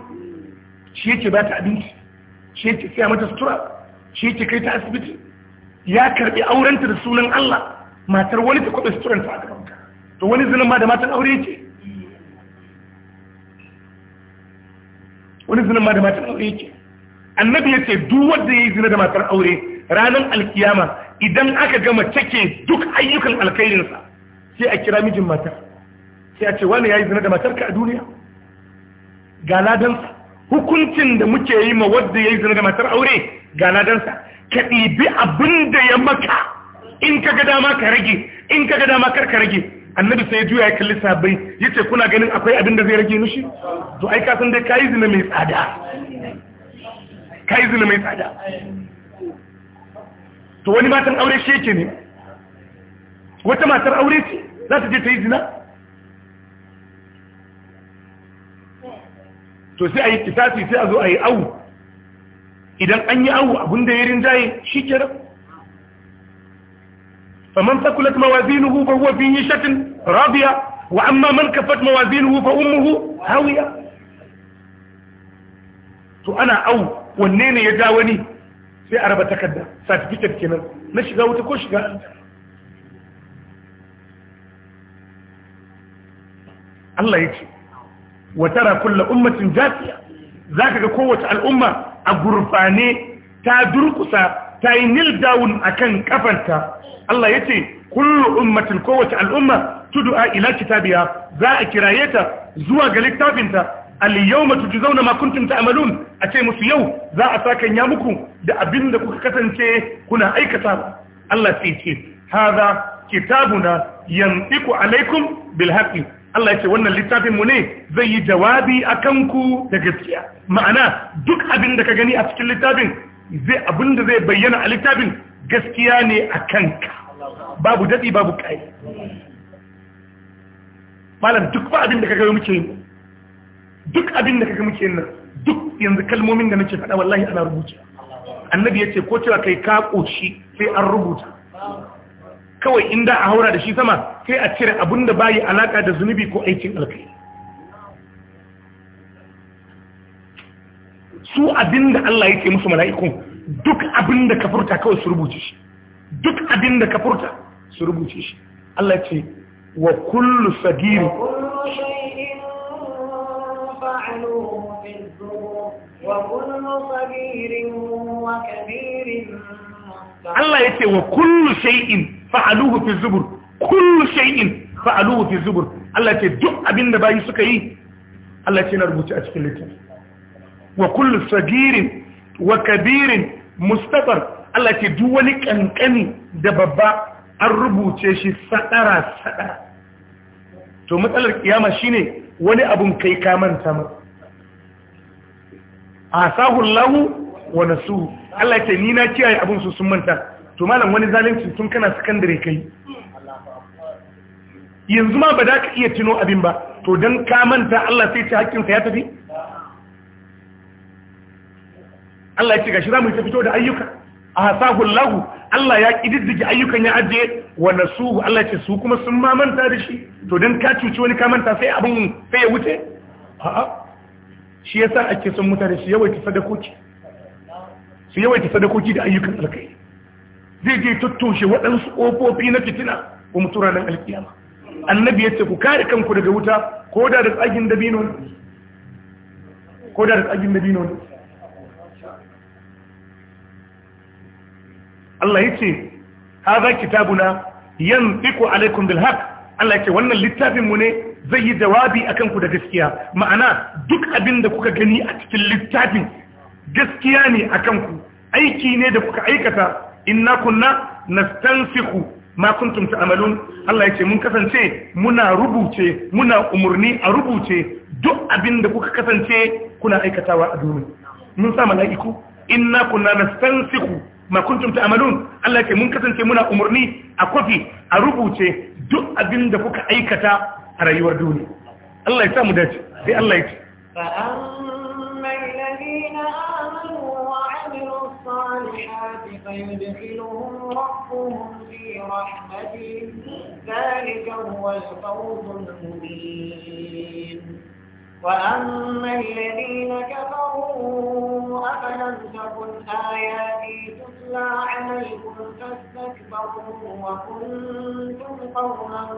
shi yake ba ta abinci shi yake siya mata sutura shi yake kai ta asibiti ya karbi aurenta da sunan Allah matar wani ta kwaɓe ta a gabanka to wani zinin ma da matan aure yake wani zinin ma da matan aure yake annabi ya ce duk wanda ya yi zina da matar aure ranar alkiyama idan aka gama cike duk ayyukan alkhairinsa sai a kira mijin matar sai a ce wani ya yi zina da matarka a duniya ga ladansa hukuncin da muke yi ma wadda ya yi zina da matar aure ga ladansa ka ɗibi abin da ya maka in ka ga dama ka rage in ka ga dama kar ka rage annabi sai juya ya kalli sabai ya ce kuna ganin akwai abin da zai rage mishi to ai ka san dai ka yi zina mai tsada ka yi zina mai tsada to wani matan aure shi yake ne wata matar aure ce za ta je ta yi zina to sai ayi kitafi sai a zo ayi awu idan an yi awu abinda ya rinjaye shi kira فمن ثقلت موازينه فهو في نشة راضية وأما من كفت موازينه فأمه هاوية تو أنا أو والنين يجاوني في عربة كدا ساتفيت الكمال نشي غاوة كوش غا الله يجي wa kulla kullu ummatin jafiya zaka ga kowace al'umma a gurfane ta durkusa ta yi nil a kan kafanta Allah yace kullu ummatin kowace al'umma a ila kitabiya za a kiraye ta zuwa ga littafinta al-yawma zauna ma ta ta'malun a ce musu yau za a saka ya muku da abin da kuka kasance kuna aikata Allah sai ce haza kitabuna iku alaikum bil Allah ya ce wannan littafin mu ne zai yi jawabi akan ku da gaskiya ma'ana duk abin da ka gani a cikin littafin zai abin da zai bayyana a littafin gaskiya ne akan ka babu dadi babu kai malam duk ba abin da ka ga muke yi duk abin da ka ga muke nan duk yanzu kalmomin da nake faɗa wallahi ana rubuta annabi ya ce ko cewa kai ka ƙoshi sai an rubuta kawai inda a haura da shi sama sai a cire abin da bayi alaka da zunubi ko aikin alkai su abin da Allah yake musu mala'ikun duk abin da ka furta kawai su rubuce shi duk abin da ka furta su rubuce shi Allah ce wa kullu sagiri Allah ya ce wa kullu shay'in fa'aluhu fi zubur kullu shay'in fa'aluhu fi zubur Allah ce duk abinda bayi suka yi Allah ce na rubuce a cikin littafi wa kullu sagirin wa kabirin mustafar Allah ce duk wani kankani da babba an rubuce shi sadara sadara to matsalar kiyama shine wani abun kai ka manta ma asahu lahu wa nasu Allah ce ni na kiyaye abun su sun manta to malam wani zalunci tun kana sakandare kai yanzu ma ba za ka iya tuno abin ba to don ka manta Allah sai ce hakkinsa ya tafi Allah ya ce gashi za mu ta fito da ayyuka a hasahu lahu Allah ya kididdige ayyukan ya ajiye wa nasuhu Allah ya ce su kuma sun ma manta da shi to don ka cuci wani ka manta sai abin sai ya wuce a'a shi yasa ake son mutane su yawaita sadakoki su yawaita sadakoki da ayyukan alkai zai je tattoshe waɗansu ƙofofi na fitina wa tura nan alkiyama annabi ya ce ku kare kanku daga wuta ko da da tsagin dabino ne ko da da tsagin dabino ne Allah ya ce ha haza kitabuna yantiqu alaikum bil haqq Allah ya ce wannan littafin mu ne zai yi jawabi akan ku da gaskiya ma'ana duk abin da kuka gani a cikin littafin gaskiya ne akan ku aiki ne da kuka aikata inna kunna nastansikhu ma kuntum ta'malun Allah yace mun kasance muna rubuce muna umurni a rubuce duk abin da kuka kasance kuna aikatawa a duniya mun sa mala'iku inna kunna nastansikhu ma kuntum ta'malun Allah yace mun kasance muna umurni a kofi a rubuce duk abin da kuka aikata a rayuwar duniya Allah ya sa mu dace sai Allah ya ce الصالحات فيدخلهم ربهم في رحمته ذلك هو الفوز المبين وأما الذين كفروا أفلم تكن آياتي تتلى عليكم فاستكبروا وكنتم قوما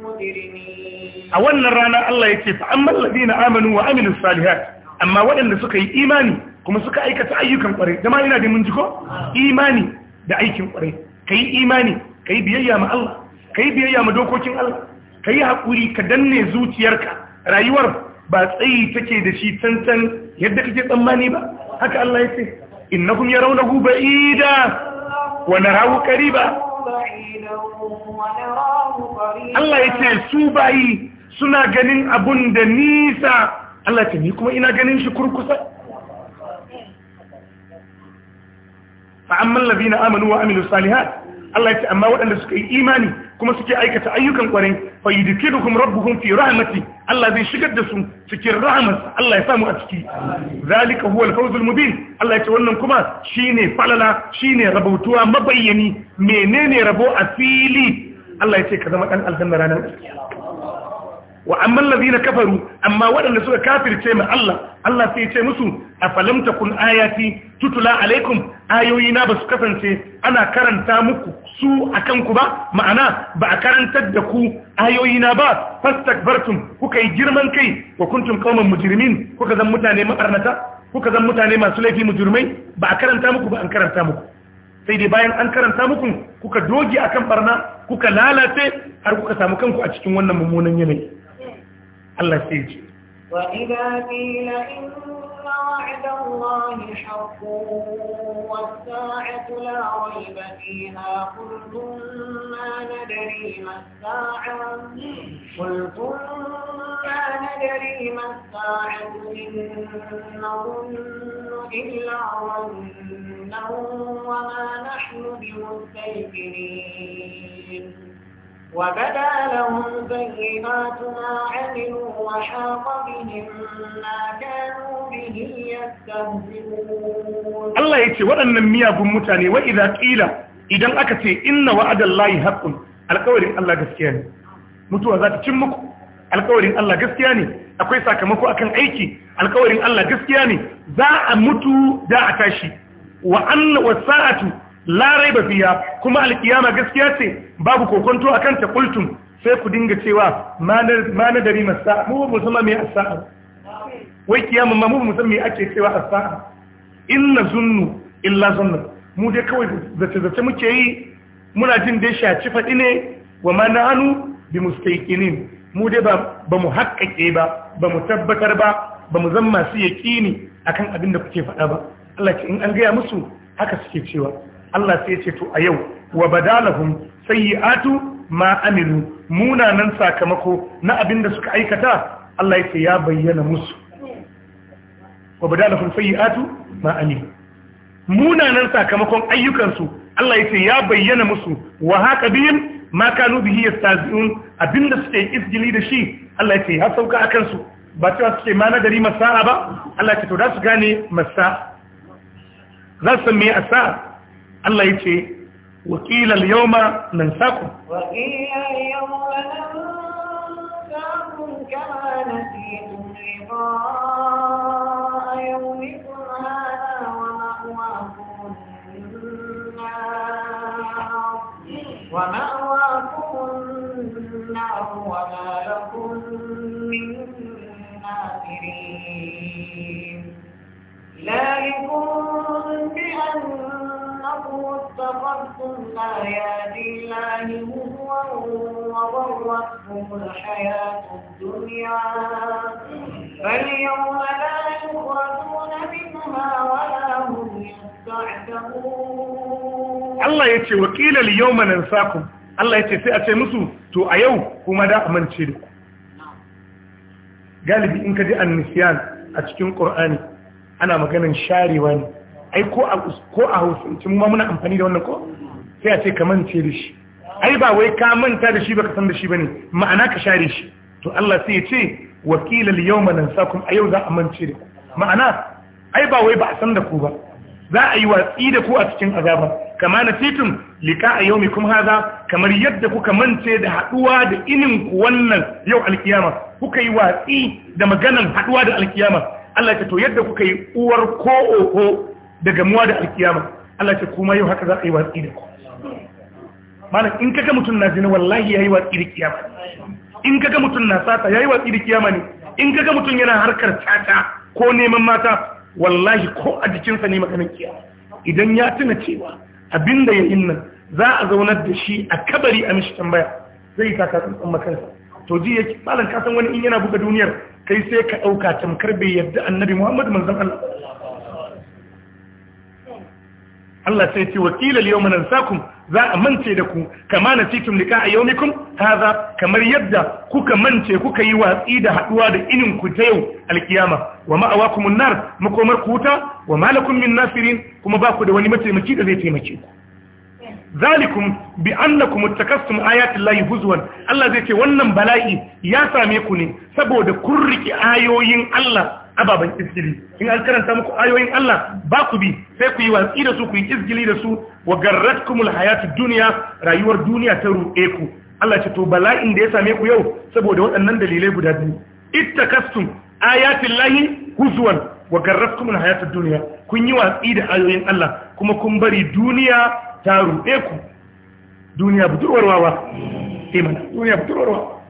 مجرمين أولا رانا الله يكفي أما الذين آمنوا وعملوا الصالحات أما وإن سكي إيماني kuma suka aikata ayyukan kware. dama ina da mun jiko imani da aikin Ka kai imani kai biyayya ma Allah kai biyayya ma dokokin Allah kai hakuri ka danne zuciyarka rayuwar ba tsayi take da shi tantan yadda kake tsammani ba haka Allah ya ce innakum yarawnahu ba'ida wa narahu qariba Allah ya ce su bayi suna ganin abun da nisa Allah ya ce ni kuma ina ganin shi kurkusa fa amma allazina amanu wa amilus salihat Allah ya ce amma waɗanda suka yi imani kuma suke aikata ayyukan kwarin fa yudkidukum rabbuhum fi rahmati Allah zai shigar da su cikin rahmat Allah ya samu a ciki zalika huwa al-fawzul mubin Allah ya ce wannan kuma shine falala shine rabautuwa mabayyani menene rabo a fili Allah ya ce ka zama ɗan aljanna ranar kiyama wa amman ladina kafaru amma waɗanda suka kafirce ma Allah Allah sai ce musu a takun ayati tutula alaikum ayoyi na basu kasance ana karanta muku su akan ku ba ma'ana ba a karantar da ku ayoyi na ba fastakbartum kuka yi girman kai wa kuntum qauman mujrimin kuka zan mutane mabarnata kuka zan mutane masu laifi mujrimai ba a karanta muku ba an karanta muku sai dai bayan an karanta muku kuka doge akan barna kuka lalace har kuka samu kanku a cikin wannan mummunan yanayi الله سيجي وإذا قيل إن وعد الله حق والساعة لا ريب فيها قلتم ما ندري ما الساعة قلتم ما ندري ما الساعة إن نظن إلا ظنا وما نحن بمستيقنين وبدا لهم سيئات ما عملوا وحاق بهم ما كانوا به يستهزئون الله يتي waɗannan miyagun mutane wa idza qila idan aka ce inna wa'adallahi haqqun alƙawarin Allah gaskiya ne mutuwa za ta cin muku alƙawarin Allah gaskiya ne akwai sakamako akan aiki alƙawarin Allah gaskiya ne za a mutu da a tashi wa anna wasa'atu la raiba fiha kuma alƙiyama gaskiya ce babu kokonto a kanta kultum sai ku dinga cewa ma na dari masa mu ba musamma mai asa'a wai kiyamun ma mu musamma mai ake cewa asa'a in na zunnu illa zunnu mu dai kawai zace-zace muke yi muna jin dai shaci faɗi ne wa ma na hannu bi mustaikinin mu dai ba mu haƙaƙe ba ba mu tabbatar ba ba mu zan masu yaƙini akan abin da kuke faɗa ba Allah ce in an gaya musu haka suke cewa Allah sai ya ce to a yau wa badalahum sayyi'atu ma amilu munanan sakamako na abin da suka aikata Allah ya ce ya bayyana musu wa badalahum sayyi'atu ma amilu munanan sakamakon ayyukansu Allah ya ce ya bayyana musu wa haka ma kanu bihi yastazi'un abinda suke isjili da shi Allah ya ce ya sauka akan su ba cewa suke ma nagari masa'a ba Allah ya ce to da su gane masa za su san me asa Allah ya ce وكيل اليوم ننساكم وقيل اليوم ننساكم كما نسيتم لقاء يومكم هذا ومأواكم النار ومأواكم النار وما لكم من ناصرين ذلكم بأن أنكم اتخذتم آيات الله هزوا وغرتكم الحياة الله يتي اليوم ننساكم Allah ya ce sai a ce musu to a yau kuma da amince da ku galibi in ka ji annisiyan a cikin Ƙur'ani. ana maganin sharewa ne ai ko a ko a ma muna amfani da wannan ko sai a ce ka mance da shi ai ba wai ka manta da shi ba ka san da shi ba ne. ma'ana ka share shi to Allah sai ya ce wakilal yau sa kuma a yau za a mance da ku ma'ana ai ba wai ba a san da ku ba za a yi watsi da ku a cikin azaba kama na titin lika a yau mai kuma haza kamar yadda kuka mance da haduwa da inin ku wannan yau alkiyama kuka yi watsi da maganan haduwa da alkiyama Allah ya ce to yadda kuka yi uwar ko oho Daga muwa da alkiyama Allah ce kuma yau haka za a yi watsi da ku malam in kaga mutum na zina wallahi yayi watsi da kiyama in kaga mutum na sata yayi watsi da kiyama ne in kaga mutum yana harkar tata ko neman mata wallahi ko a jikinsa ne maganar kiyama idan ya tuna cewa abinda ya nan za a zaunar da shi a kabari a mishi tambaya zai yi taka tsantsan makansa to ji yake malam ka san wani in yana buga duniyar kai sai ka dauka tamkar bai yadda annabi Muhammad manzon Allah Allah sai ce wakilal yawma nansakum za a mance da ku kama nasitum lika a yawmikum hadha kamar yadda kuka mance kuka yi watsi da haduwa da inin ku ta yau alkiyama wa ma'awakumun nar makomar ku wuta wa malakum min nasirin kuma ba ku da wani mataimaki da zai taimake ku zalikum bi annakum ittakassum ayati llahi huzwan Allah zai ce wannan bala'i ya same ku ne saboda kun riki ayoyin Allah ababen izgili in an karanta muku ayoyin Allah ba ku bi sai ku yi watsi da su ku yi izgili da su wa garratkumul hayatu dunya rayuwar duniya ta ruɗe ku Allah ce to bala'in da ya same ku yau saboda waɗannan dalilai guda biyu ittakastum ayatin lahi huzuwan wa garratkumul hayatu dunya kun yi watsi da ayoyin Allah kuma kun bari duniya ta ruɗe ku duniya budurwarwa ba eh imana duniya budurwarwa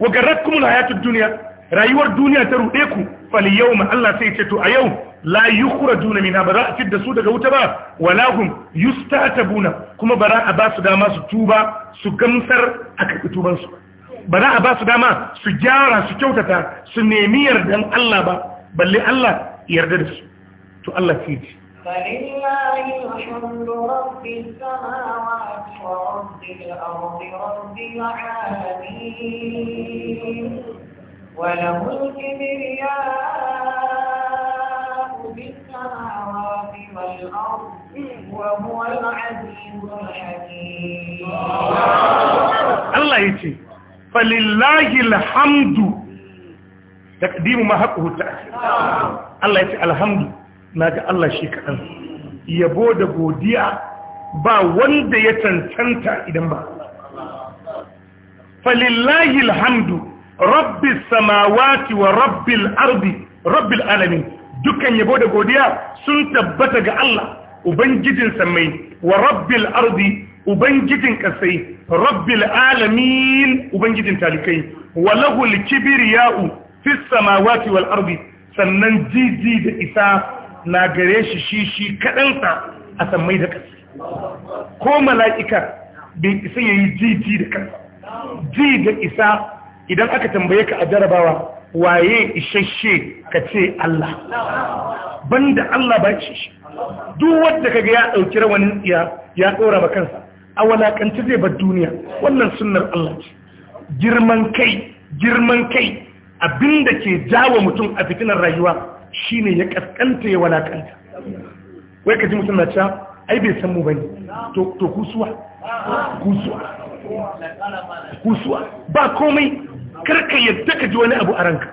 wa garratkumul hayatu dunya rayuwar duniya ta ruɗe ku fal ma Allah sai ce to a yau la yukhrajuna minha ba za a fidda su daga wuta ba wala yustatabuna kuma ba za a ba su dama su tuba su gamsar a karɓi tubansu. ba za a ba su dama su gyara su kyautata su nemi yardan Allah ba balle Allah yarda da su to Allah sai ce فلله الحمد رب السماوات ورب الأرض رب العالمين وله الكبرياء في السماوات والأرض وهو العزيز الحكيم الله يتي فلله الحمد تقديم ما حقه التأخير الله يتي الحمد naga Allah shi kaɗan yabo da godiya ba wanda ya cancanta idan ba falillahi alhamdu rabbi samawati wa rabbil ardi rabbil alamin dukkan yabo da godiya sun tabbata ga Allah ubangijin samai wa rabbil ardi ubangijin kasai rabbil alamin ubangijin talikai wa lahul kibriya'u fis samawati wal ardi sannan jiji da isa na gare shi shi shi kadansa a samai da kasai ko mala'ika bai isa yayi jiji da kansa ji da isa idan aka tambaye ka a jarabawa waye isasshe ka ce Allah banda Allah ba isasshe duk wanda kaga ya dauki rawanin iya ya dora ba kansa a walakanta zai bar duniya wannan sunnar Allah ce girman kai girman kai abinda ke jawo mutum a fitinar rayuwa shine ya kaskanta ya walakanta wai ka ji mutum na cewa ai bai san mu bane to to kusuwa kusuwa kusuwa ba komai karka yadda ka ji wani abu a ranka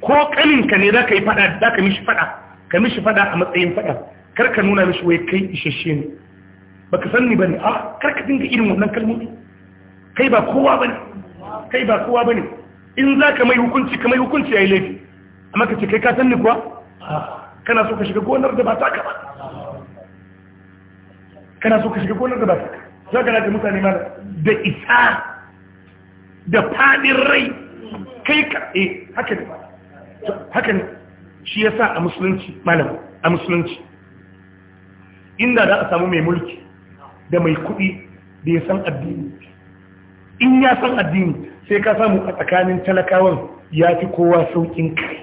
ko kalinka ne za ka yi fada za ka mishi fada ka mishi fada a matsayin fada karka nuna mishi wai kai isasshe ne ba ka sanni ba ne a ah, karka dinga irin wannan kalmomi kai ba kowa ba ne kai ba kowa ba ne in za ka mai hukunci ka mai hukunci ya yi laifi amma ka ce kai ka sanni kuwa ah, kana so ka shiga gonar da ba ta ka ba kana so ka shiga gonar da ba ta ka za ka na da mutane mana da isa da fadin rai kai karɓe eh, haka ne haka ne shi ya sa a musulunci malam a musulunci inda za a samu mai mulki da mai kuɗi da ya san addini in ya san addini sai ka samu a tsakanin talakawan ya fi kowa sauƙin kai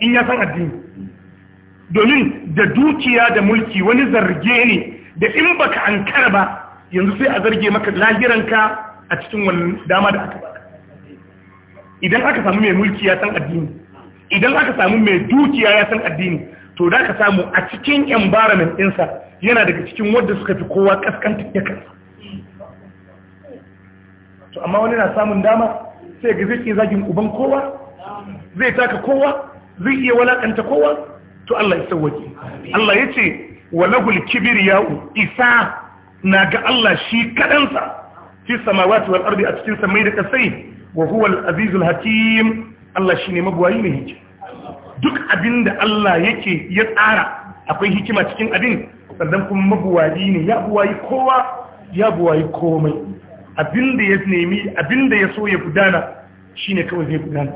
in ya san addini domin da dukiya da mulki wani zarge ne da in baka ankara ba yanzu sai a zarge maka lahiranka a cikin wannan dama da aka baka idan aka samu mai mulki ya san addini idan aka samu mai dukiya ya san addini to da ka samu a cikin environment ɗinsa yana daga cikin wadda suka fi kowa kaskanta ya kansa to amma wani na samun dama sai ga zai zagin uban kowa zai taka kowa zai iya walakanta kowa to Allah ya waje. Allah ya ce walahul ya'u, isa na ga Allah shi kaɗansa. fi samawati wal ardi a cikin samai da kasai wa huwa al azizul hakim Allah shine magwayi ne hikima duk abinda Allah yake ya tsara akwai hikima cikin abin sannan kuma mabuwayi ne ya buwayi kowa ya buwayi komai abinda ya nemi abinda ya so ya gudana shine kawai zai gudana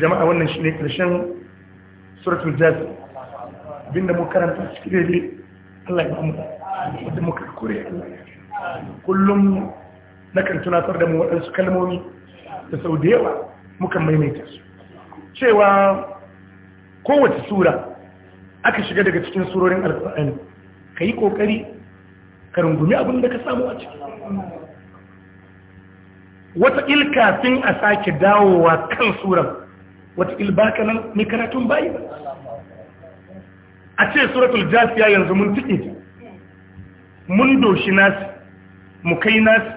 jama'a wannan shine karshen suratul jazi abinda mu karanta cikin dai Allah ya ba mu da muka kore Allah kullum na kan tunatar da mu waɗansu kalmomi da sau da yawa muka maimaita su cewa kowace sura aka shiga daga cikin surorin alfa'ani ka yi ƙoƙari ka rungumi abin da ka samu a ciki wataƙil kafin a sake dawowa kan suran wata ba nan mai karatun bayi ba a ce suratul jafiya yanzu mun tuke mun doshi nasi mu kai nasi,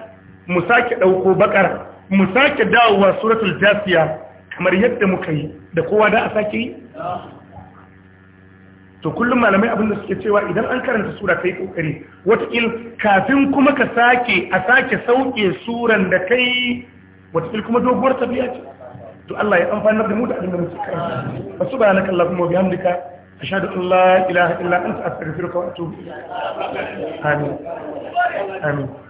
mu sake ɗauko bakar mu sake dawowa suratul jasiya kamar yadda muka yi da kowa da a sake yi to kullum malamai abinda suke cewa idan an karanta sura yi kokari watakil kafin kuma ka sake a sake sauke suran da kai watakil kuma doguwar tafiya ce to Allah ya amfanar da mu da abinda muke karanta wasu bayanan Allah kuma bi hamdika ashhadu an la ilaha illa anta astaghfiruka wa atubu ilaik amin amin